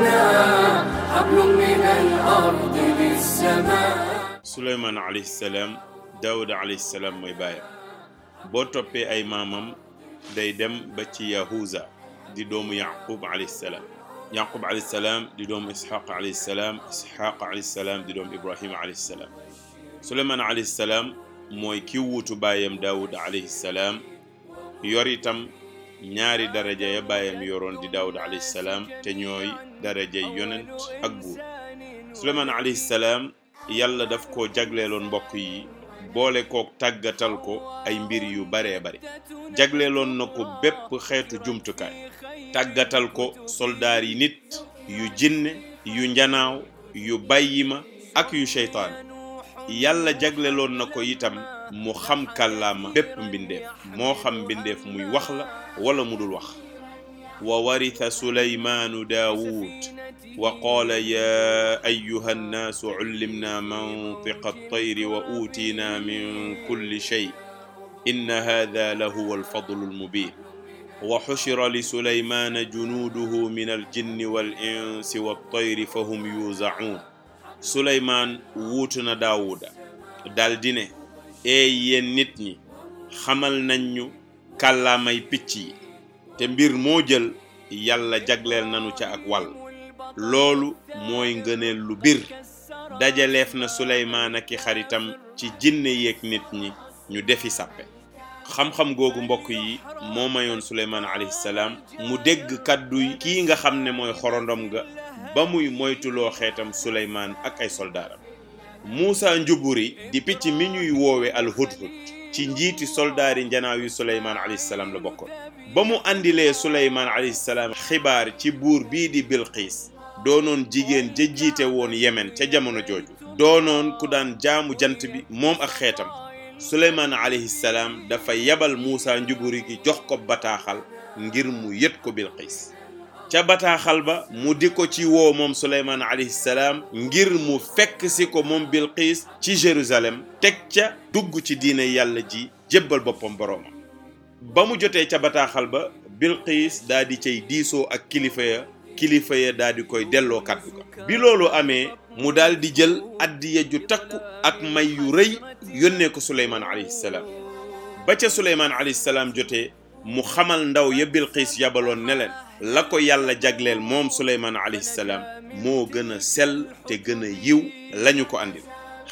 لنا حبل من الأرض للسماء سليمان عليه السلام داود عليه السلام mooy baayam boo toppee ay maamam day dem ba ci Yahuza di doomu Yaqub alayhi salaam Yaqub alayhi salaam di doomu Isxaq alayhi salaam Isxaq alayhi salaam di doomu Ibrahima alayhi salaam Suleymaan alayhi salaam mooy ki wuutu baayam Daawud alayhi salaam yor itam ñaari daraja ya baayam yoroon di daawud alayhi salaam te ñooy darajay yonent ak buur suleymaan alayhi salaam yàlla daf ko jagleeloon mbokk yi boole kook tàggatal ko ay mbir yu baree bare jagleeloon na ko bépp xeetu jumtukaay tàggatal ko soldaar yi nit yu jinne yu njanaaw yu ma ak yu seytaan yàlla jagleeloon na ko itam mu xam kàllaama bépp mbindeef moo xam mbindeef muy wax la wala mu dul wax wa warita sulaymaanu daawud wa qaala yaa ayuha annaasu ullimna mantiqa altayri wa uutiina min kulli shay inna hada la huwa alfadlu almubin wa xushira li sulaymaana junuuduhu min aljinni wal insi waltayri fa hum yuuzacuun suleymaan wuutu na daawuda daldi ne ee eh, yéen nit ñi xamal nañ ñu kàllaamay picc yi te mbir moo jël yàlla jagleel nanu ca ak wàll loolu mooy ngëneel lu bir dajaleef na suleymaan ak i xaritam ci jinne yeeg nit ñi ñu defi sàppe xam-xam googu mbokk yi moo mayoon suleymaan alayhi salaam mu dégg kàddu yi kii nga xam ne mooy xorondom ga ba muy moytuloo xeetam suleymaan ak ay soldaaram Moussa Njuburi di picc mi ñuy woowe al hudhud ci njiiti soldaari njanaaw yu Suleymaan alayhi salaam la bokkoon ba mu andilee Suleymaan alayhi salaam xibaar ci buur bii di Bilqiis doonoon jigéen ja jiite woon Yemen ca jamono jooju doonoon ku daan jaamu jant bi moom ak xeetam Suleymaan alayhi salaam dafa yabal Moussa Njuburi gi jox ko bataaxal ngir mu yët ko Bilqiis ca bataaxal ba mu di ko ci woo moom suleymaan alayhi salaam ngir mu fekk si ko moom bilqiis ci jérusalem teg ca dugg ci diine yàlla ji jébbal boppam borooma ba mu jotee ca bataaxal ba bilqiis daa di cay diisoo ak kilifa ya kilifa ya daa di koy delloo kàddu ga bi loolu amee mu daal di jël addiya ju takku ak may yu rëy yónnee ko suleymaan alayhi salaam ba ca suleymaan alayhi salaam jotee mu xamal ndaw ya Bilqiis yabaloon ne leen la ko yàlla jagleel moom Suleymaan alayhi salaam moo gën a sell te gën a yiw lañu ko andil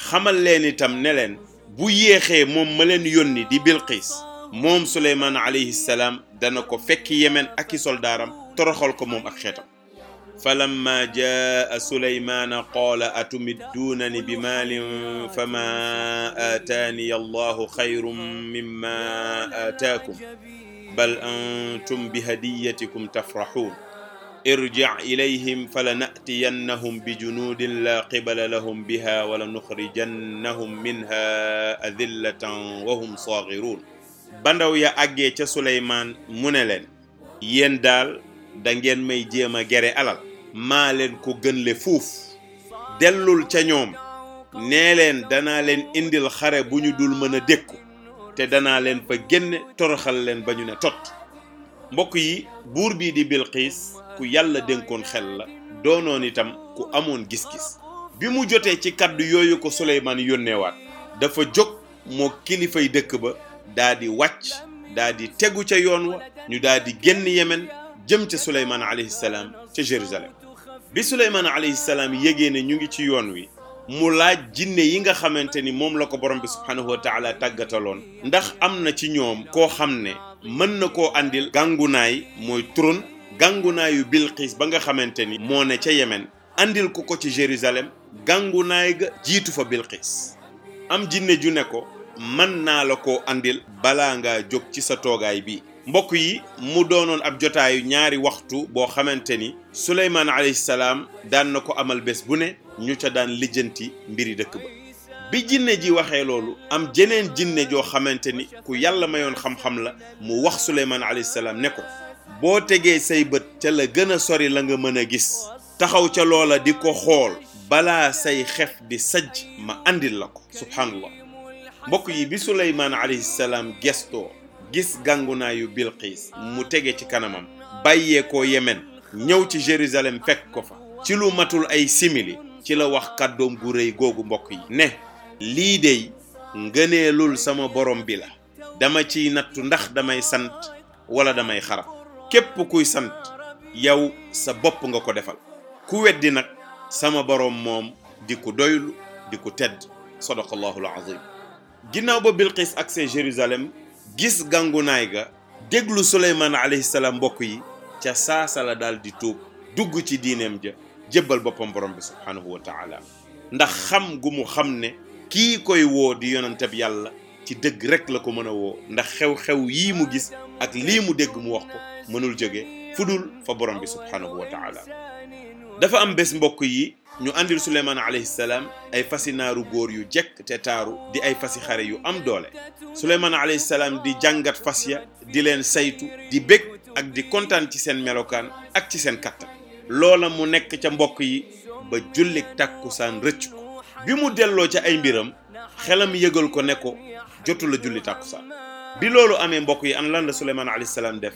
xamal leen itam ne leen bu yéexee moom ma leen yónni di Bilqiis moom Suleymaan alayhi salaam dana ko fekk Yemen ak i soldaaram toroxal ko moom ak xeetam falamma jaa suleymaana qaala atumidduunani bi maalin fama aataaniya allahu xayrun mimma aataakum bal antum bi hadiyatikum tafraxuun irjic ilayhim falana'tiyannahum bi junuudin laa qibala lahum biha wala nuxrijannahum minha adillatan wa hum saaxiruun ba ndaw ya àggee ca Suleymaan mu ne leen yéen daal da ngeen may jéem a gere alal maa leen ko gënle fuuf dellul ca ñoom nee leen danaa leen indil xare bu ñu dul mën a dékku te danaa leen fa génne toroxal leen ba ñu ne tot mbokk yi buur bii di Bilqiis ku yàlla dénkoon xel la doonoon itam ku amoon gis-gis bi mu jotee ci kàddu yooyu ko Suleymaan yónneewaat dafa jóg moo kilifay dëkk ba daldi wàcc daa tegu ca yoon wa ñu daa di génn Yemen jëm ca Suleymaan alayhi salaam ca Jérusalem bi Suleymaan alayhi salaam yégee ñu ngi ci yoon wi mu laaj jinne yi nga xamante ni moom la ko borom bi subhaanahu wa taala tàggataloon ndax am na ci ñoom koo xam ne mën na ko andil gàngunaay mooy trône gàngunaayu Bilqis ba nga xamante ni moo ne ca Yemen andil ko ko ci Jérusalem gàngunaay ga jiitu fa Bilqis am jinne ju ne ko mën naa la ko andil balaa ngaa jóg ci sa toogaay bi mbokk yi mu doonoon ab jotaayu ñaari waxtu boo xamante ni Suleymaan alayhi salaam daan na ko amal bés bu ne ñu ca daan lijjanti mbiri dëkk ba bi jinné ji waxee loolu am jeneen jinne joo xamante ni ku yàlla mayoon xam-xam la mu wax suleymaan alayhi salaam ne ko boo tegee say bët ca la gën a sori la nga mën a gis taxaw ca loola di ko xool balaa say xef di sajj ma andil la ko subhaanallah mbokk yi bi suleymaan alayhi salaam gestoo gis gàngunaayu xiis mu tege ci kanamam bàyyee ko yemen ñëw ci jérusalem fekk ko fa ci lu matul ay simili ci la wax kàddoom gu rëy googu mbokk yi ne lii dey ngëneelul sama boroom bi la dama ciy nattu ndax damay sant wala damay xarab képp kuy sant yow sa bopp nga ko defal ku weddi nag sama boroom moom di ko doylu di ko tedd sadaqallahul azim ginnaaw ba Bilqis ak see Jérusalem gis gàngunaay ga déglu Suleymaan alayhi salaam mbokk yi ca saasa la daal di tuub dugg ci diineem ja jëbbal boppam borom bi subhaanahu wa taala ndax xam gu mu xam ne kii koy woo di yonentab yàlla ci dëgg rek la ko mën a woo ndax xew-xew yii mu gis ak lii mu dégg mu wax ko mënul jóge fu dul fa borom bi subhaanahu wa dafa am bés mbokk yi ñu andil suleymaan alayhi salaam ay fasi naaru góor yu jekk te taaru di ay fasi xare yu am doole suleymaan alayhi salaam di jàngat fas ya di leen saytu di bég ak di kontaan ci seen melokaan ak ci seen kattan loola mu nekk ca mbokk yi ba jullik tàkkusaan rëcc ko bi mu delloo ca ay mbiram xelam yëgal ko ne ko jotu la julli tàkkusaan bi loolu amee mbokk yi am lan la Suleymaan alayhi salaam def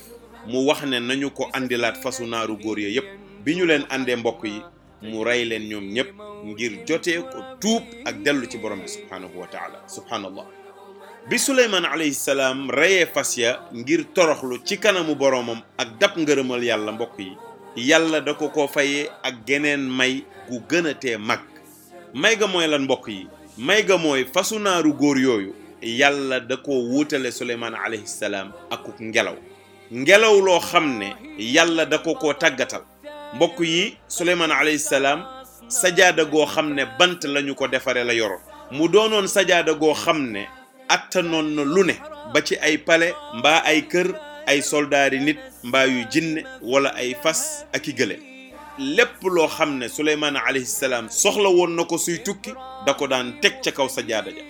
mu wax ne nañu ko andilaat fasu naaru góor ya yépp bi ñu leen àndee mbokk yi mu rey leen ñoom ñépp ngir jotee ko tuub ak dellu ci borom bi subhaanahu wa taala subhaanallah bi suleymaan alayhi salaam reyee fas ya ngir toroxlu ci kanamu boromam ak dab ngërëmal yàlla mbokk yi yàlla da ko ko fayee ak geneen may gu gën a tee mag may ga mooy lan mbokk yi may ga mooy fasu naaru góor yooyu yàlla da ko wuutale suleymaan alayhi salaam akuk ngelaw ngelaw loo xam ne yàlla da ko ko tàggatal mbokk yi suleymaan alayhi salaam sajaada goo xam ne bant lañu ko defare la yoroon mu doonoon sajaada goo xam ne attanoon na lu ne ba ci ay pale mbaa ay kër ay soldaari nit mbaa yu jinne wala ay fas ak i gële lépp loo xam ne suleymaan alayhi salaam soxla woon na ko suy tukki da ko daan teg ca kaw sa jaada ja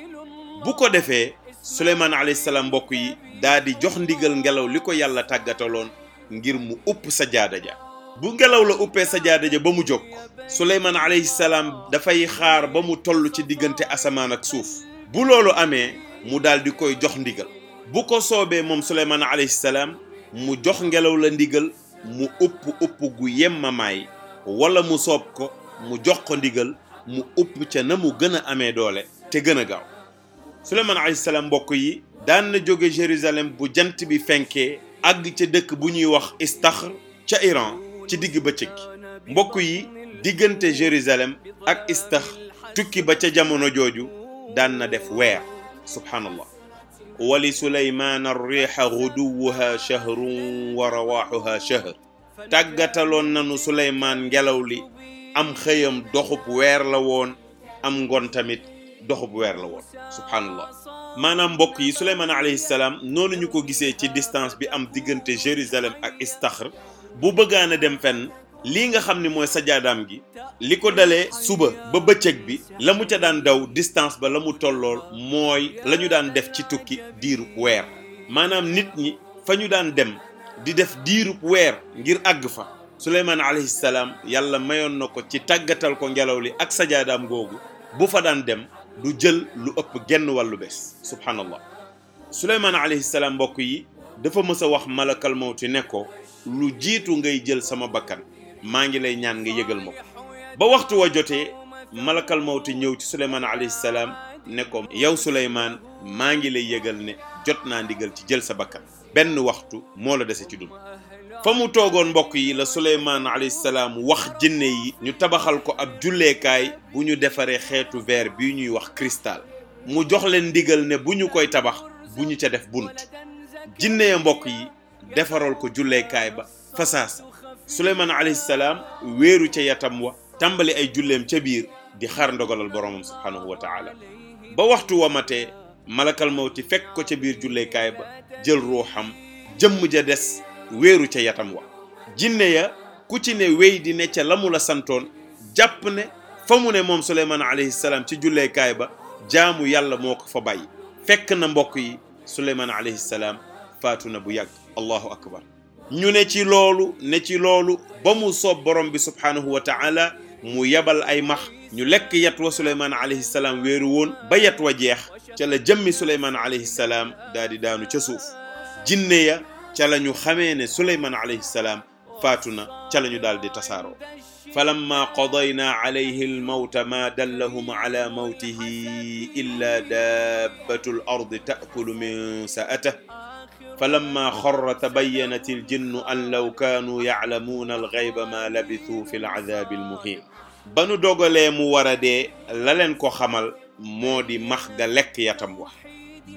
bu ko defee suleymaan alayhi salaam mbokk yi daa di jox ndigal ngelaw li ko yàlla tàggataloon ngir mu upp sa jaada ja bu ngelaw la uppee sa jaada ja ba mu jóg suleymaan alayhi salaam dafay xaar ba mu toll ci diggante asamaan ak suuf bu loolu amee mu daal di koy jox ndigal bu ko soobee moom suleymaan alayhi salaam mu jox ngelaw la ndigal mu upp upp gu yemmamaay wala mu soob ko mu jox ko ndigal mu upp ca na mu gën a amee doole te gën a gaaw suleymaan alayhi salaam mbokk yi daan na jóge Jérusalem bu jant bi fenkee àgg ca dëkk bu ñuy wax Istaxr ca Iran ci digg ba bëccëg mbokk yi diggante Jérusalem ak Istaxr tukki ba ca jamono jooju daan na def weer subhaanallah wali suleymaan arriixa guduwuha shahrun wa rawaaxuha shahr tàggataloon nanu suleymaan ngelaw li am xëyam doxub weer la woon am ngoon tamit doxub weer la woon subhaanallah maanaam mbokk yi suleymaan alayhi salaam noonu ñu ko gisee ci distance bi am diggante Jérusalem ak istaxr bu bëggaana dem fenn lii nga xam ni mooy sajaadaam gi li ko dalee suba ba bëccëg bi la mu ca daan daw distance ba la mu tollool mooy la ñu daan def ci tukki diiru weer maanaam nit ñi fa ñu daan dem di def diiru weer ngir àgg fa suleymaan alayhi salaam yàlla mayoon na ko ci tàggatal ko ngelaw li ak sajaadaam googu bu fa daan dem du jël lu ëpp genn wàllu bés subhanallah suleymaan alayhi salaam mbokk yi dafa mës a wax malakal mawti ne ko lu jiitu ngay jël sama bakkan maa ngi lay ñaan nga yëgal ma ko ba waxtu wa jotee malakal mawti ñëw ci suleymaan alayhi salaam ne ko yow suleymaan maa ngi lay yëgal ne jot naa ndigal ci jël sa bakkan benn waxtu moo la dese ci dund fa mu toogoon mbokk yi la suleymaan alayhi salaam wax jinne yi ñu tabaxal ko ab julleekaay bu ñu defaree xeetu verre bi ñuy wax cristal mu jox leen ndigal ne bu ñu koy tabax bu ñu ca def bunt jinne mbokk yi defaral ko julleekaay ba fasaasa suleymaan alayhi salaam wéeru ca yatam wa tàmbali ay julleem ca biir di xaar ndogalal boromam subhaanahu wa taala ba waxtu wa matee malakal mawti fekk ko ca biir jullekaay ba jël ruuxam jëmm ja des wéeru ca yatam wa jinne ya ku ci ne wéy ne ca la la santoon jàpp ne fa mu ne moom suleymaan alayhi salaam ci julleekaay ba jaamu yàlla moo ko fa bàyyi fekk na mbokk yi suleymaan alayhi salaam faatu na bu yàgg allahu akbar ñu ne ci loolu ne ci loolu ba mu soob borom bi subhaanahu wa taala mu yebal ay max ñu lekk yat wa suleymaan alayhi salaam wéeru woon ba yat wa jeex cala la jëmmi suleymaan alayhi salaam daal daanu ca suuf jinne ya ca la ñu xamee ne suleymaan alayhi salaam faatu na ca la ñu daal di tasaaroo falamma qadayna alayhi almawta ma dallahum ala mawtihi illa dabbatu ardi taakulu min saatah falamma xarra tabayyanat aljinnu an law kaanu yaalamuuna alxayba ma labisu fi alazaabi almuhiin ba nu dogalee mu war a dee la leen ko xamal moo di max ga lekk yatam wa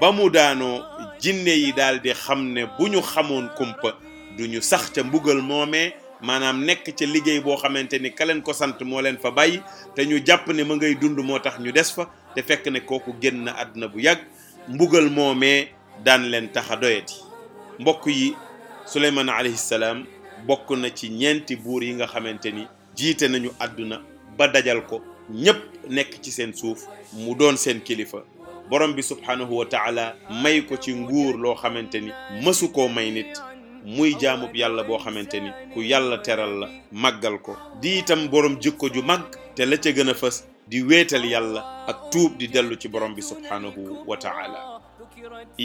ba mu daanoo jinne yi daal di xam ne bu ñu xamoon kumpa du ñu sax ca mbugal moomee maanaam nekk ca liggéey boo xamante ni ka leen ko sant moo leen fa bàyyi te ñu jàpp ne ma ngay dund moo tax ñu des fa te fekk ne kooku génn àdduna bu yàgg mbugal moomee daan leen tax a doyati mbokk yi suleymaan alayhi salaam bokk na ci ñeenti buur yi nga xamante ni jiite nañu àdduna ba dajal ko ñépp nekk ci seen suuf mu doon seen kilifa borom bi subhaanahu wa taala may ko ci nguur loo xamante ni mësu ko may nit muy jaamub yàlla boo xamante ni ku yàlla teral la màggal ko di itam borom jikko ju mag te la ca gën a fës di weetal yàlla ak tuub di dellu ci borom bi subhaanahu wa taala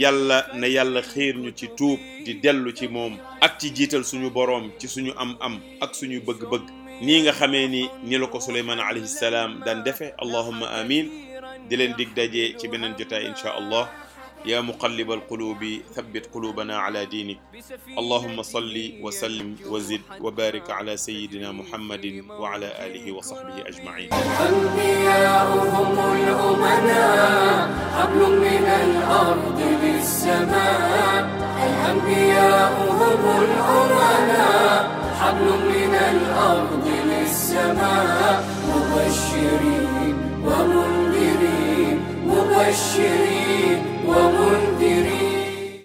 yàlla na yàlla xiir ñu ci tuub di dellu ci moom ak ci jiital suñu boroom ci suñu am-am ak suñu bëgg-bëgg nii nga xamee ni ni la ko suleymaan alayhi salaam daan defe allahumma amin di leen dig daje ci beneen jotaay incha allah yaa muqallibal quluubi thabbit quluubanaa alaa diinik allahumma salli wa sallim wa zid wa baarik alaa sayyidinaa muhammadin wa alaa aalihi wa sahbihi ajma'iin. مبشرين ومنذرين مبشرين ومنذرين